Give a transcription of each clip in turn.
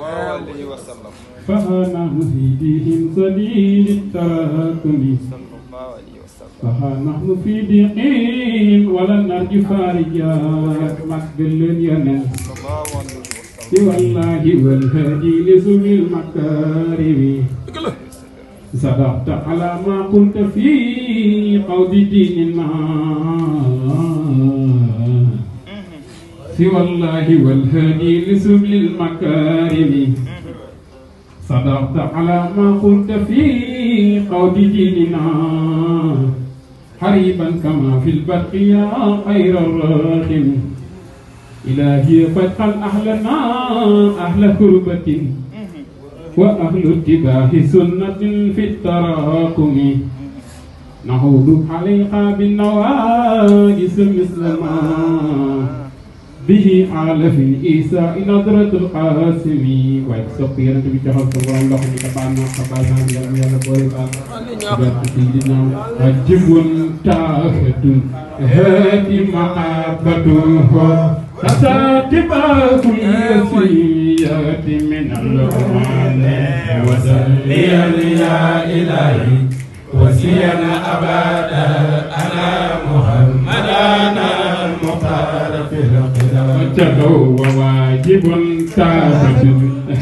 وآله وسلم فأنا في سبيل التراكم فنحن في ضيقهم ولن نرجو فارجا مقبل يمن سوى الله والهادي لسوء المكارم صدقت على ما كنت في قود دين ما سوى الله والهادي لسبل المكارم صدقت على ما قلت في قول ديننا حريبا كما في البرق يا خير الراحم إلهي فتحا أهلنا أهل كربة وأهل اتباه سنة في التراكم نعود عليها بالنواجس مثل ما bihi ala fi isa ila daratul qasimi waaye sopp yonent bi joxal sa borom loxo bi te baal naa ko baal naa ko yàlla yàlla boole baal jot ci ginnaaw ajibun taafatun hadi mahabatu تساتبا كل سيئات من الرحمن وسلي يا إلهي وسينا أبدا على محمد وجبه وواجب ثابت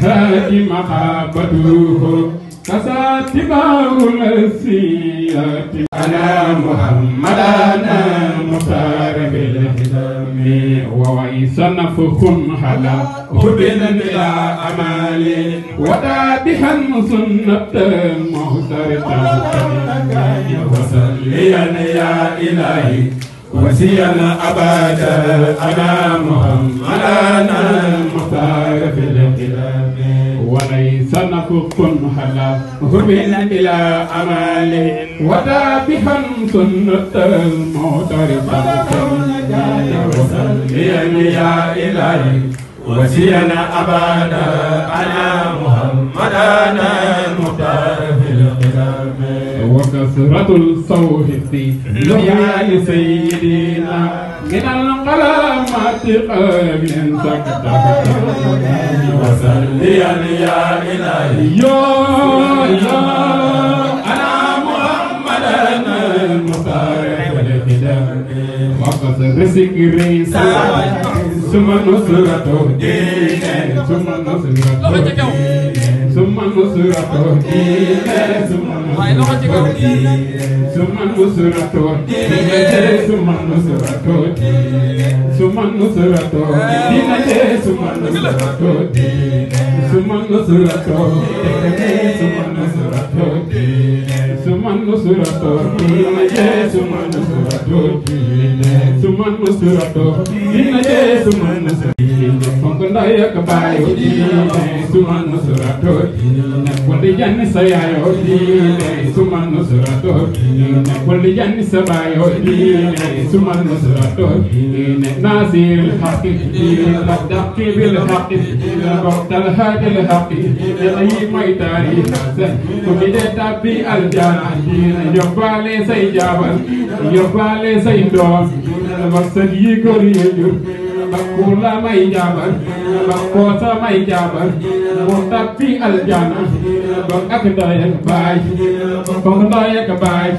هذه محبته كساتبه السيئات على محمد انا مصارف الهدام وويس نفخ على حب بلا امال وتابحا سنه مهترقا وسليا يا الهي وسيا أباد أنا محمد المختار في الانقلاب وليس نفق حلا هبل إلى أماله وتابحا سنة المعترفة وسليا يا إلهي وسينا أبانا على محمد المختار في الانقلاب وكثرة الصوت لحيا لسيدنا من القلامات قام سكتة وصلي يا إلهي يا يا أنا محمد المختار والهدى وقصد سكري ثم نصرة دينا ثم نصرة دين man musuratu diine suman musuratu diine suman musuratu diine suman musuratu diine suman musuratu diine suman musuratu diine suman musuratu diine suman musuratu diine suman musuratu diine suman musuratu diine suman musuratu diine ndaya ka bayo diine suma nusrato diine kulli janni sayayo diine suma nusrato diine kulli janni sabayo diine suma nusrato diine nasir الحق diine بدق بالحق وقت الهاد الحق يلي ما يتاري حسن كل ده تبي الجنة diine yobale say jabal yobale say doom wasal yi ko riyo bakkula may njaabar bakkoosa may njaabar moo tàbbi aljana bokk ak ndaay ak baay bokk ndaay ak baay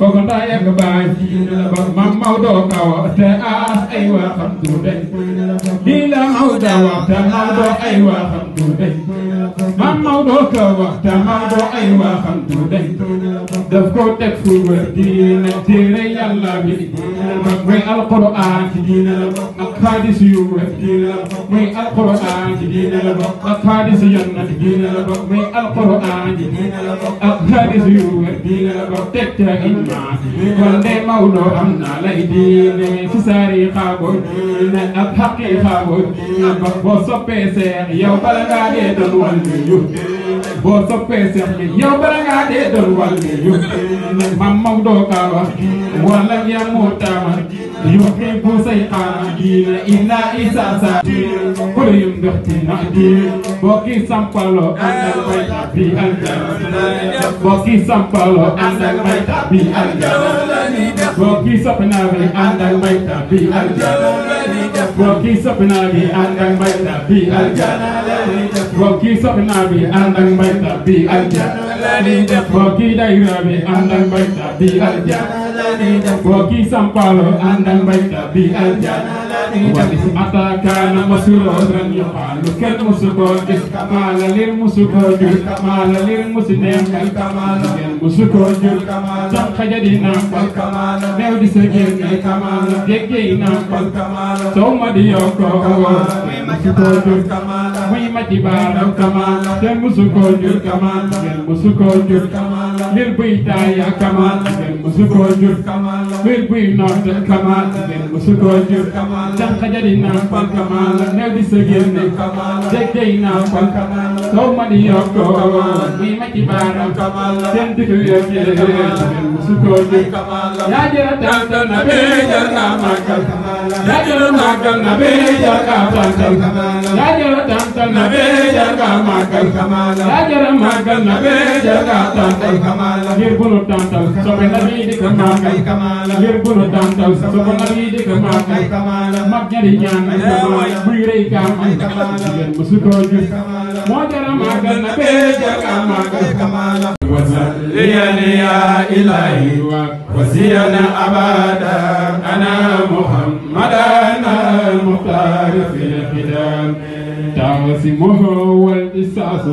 bokk ndaay ak baay bokk mam Maodo kaw te aas ay waa xam du dey lii la Maodo wax te Maodo ay waa xam du dey mam Maodo kaw te Maodo ay waa xam du dey daf ko teg fu wër diine la ak xaadis yu wër diine la muy alquran ci diine la ak xaadis yonna ci diine la muy alquran ci diine la ak xaadis yu wër diine la teg ca ijma kon de Maodo am na lay diine ci boo soppee seex bi yow bala ngaa dee doon wàllu mam mam doo kaa wax wala ya moo taama yuhibbu sayxaana diina inna isaasa kulu yum ndox dina diine bokki sampaloo àndal may bi aljana bokki sampaloo àndal may bi aljana bokki bi àndal may bi aljana bokki soppinaa bi àndal may bi aljana boo kii soxna a ànd ak mbayta bi alja boo kii dayra bi ànd ak mbayta bi alja boo kii sampaalo ànd ak mbayta bi أتى كان مسرورا يقال كالمسكون كمال للمسكون كمال للمسلم كمال للمسكون كمال تبقى جدينا كمال نودي سكين كمال جيكينا كمال ثم ديوكو مسكون كمال ويما تبارك كمال للمسكون كمال للمسكون كمال ليل بي دايا كمال دين مسكو جور كمال ليل بي نوت كمال دين مسكو جور كمال دان خجري نا فال كمال نبي سجير نا كمال جدي نا فال كمال لو ما دي يوكو كمال مي ما تي بارا كمال دين دكو يوكي دين مسكو جور كمال يا جرا دان نبي جرا ما كمال يا جرا ما كمال نبي جرا فال كمال يا جرا دان نبي جرا ما كمال يا جرا ما كمال نبي جرا فال كمال kamala ngir bunu tantal sobe nabi di ko màggal kamala ngir bunu tantal sobe nabi di ko màggal kamala mag ñari ñaan ay kamala buy rëy kaam ay kamala jigéen musu ko gis moo jara màggal na bee jara màggal kamala wasaliyani ya ilahi wasiyana abada ana muhammadan al-muhtar fi al-qidam تعوسمه والإساس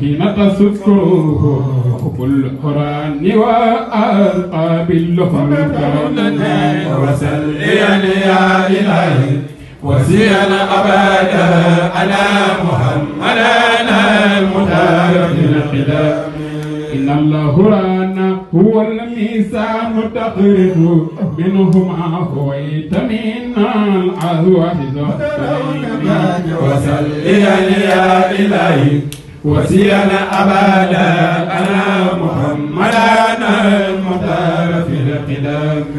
حين تسكره وحب القرآن وأرقى باللهم وسلي يا إلهي وسيا أبدا على محمدنا المتابع الخدام إن الله رانا هو الميزان تقرب منهما هويت منا العهد وسلي يا إلهي وسيانا أبدا أنا أنا المختار في القدام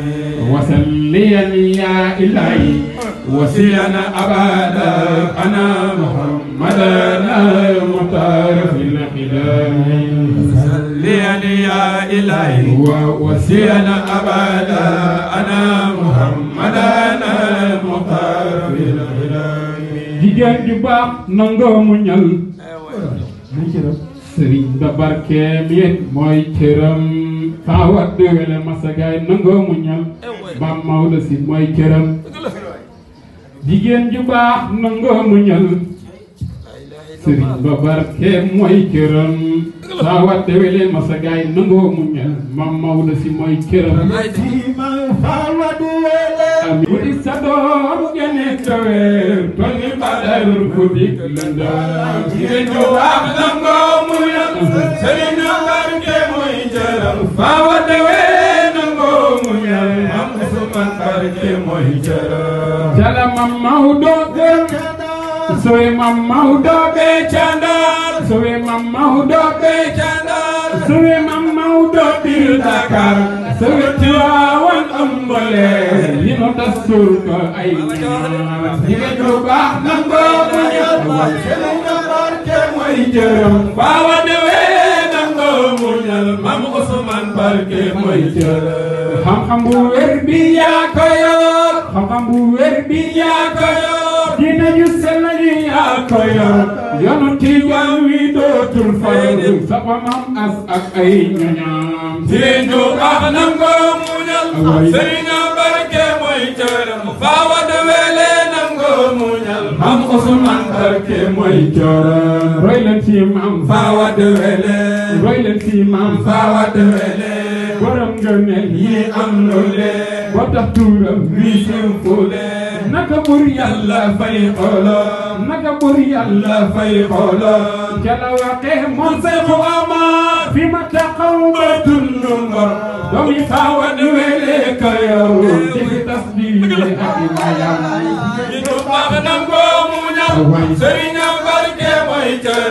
وسليا يا إلهي وسيانا أبدا أنا أنا المختار في القدام وسليا يا إلهي وسيانا أبدا أنا أنا المختار في القدام جيجان جباق نانغو مونيال muy cëram sëriñ ba mooy cëram saa war déwéle masagaay nangoo mu ñal ba Maodo si mooy cëram jigéen ju baax nangoo mu ñal sëriñ ba mooy cëram saa war déwéle masagaay nangoo mu ñal ba Maodo si mooy cëram amiin sa doomu gene kawe toni badal ko dik landa ngeen ko wax nango mu yam sëriñ barke mooy jaram faawa dewe nango mu yam am suman barke mooy jaram jala mam mawdo sowe mam mawdo be candar sowe mam mawdo be candar sowe mam mawdo bir dakar sowe tiwawan ambale tas suul ko ay jigéen ju baax nangoo mu ñor seen nga barke mooy jërëm baawa newee nangoo mu ñor mam Usmaan barke mooy jërëm xam-xam bu wér bi yaa ko yor xam-xam bu wér bi yaa ko yor dinañu sell ñu yaa ko yor yoonu Tiwaawan wi dootul faydu sama mam as ak ay ñoñam jigéen ju baax nangoo mu ñor seen mooy cooram faawa dawele nangoo muñal maam Usmaan Barke mooy cooram roy leen ci maam faawa dawele roy leen ci maam faawa dawele borom ngëneel yi am loole wa tax tuuram wi simfule naka bur yàlla fay xooloon naka bur yàlla fay xooloon jala waxee moom say mu amaan في متى قومة النمر ومسا ونويلك يا روح في تصديقك ما يعلم يدوب أغنى قومنا سرين بركة ويجرم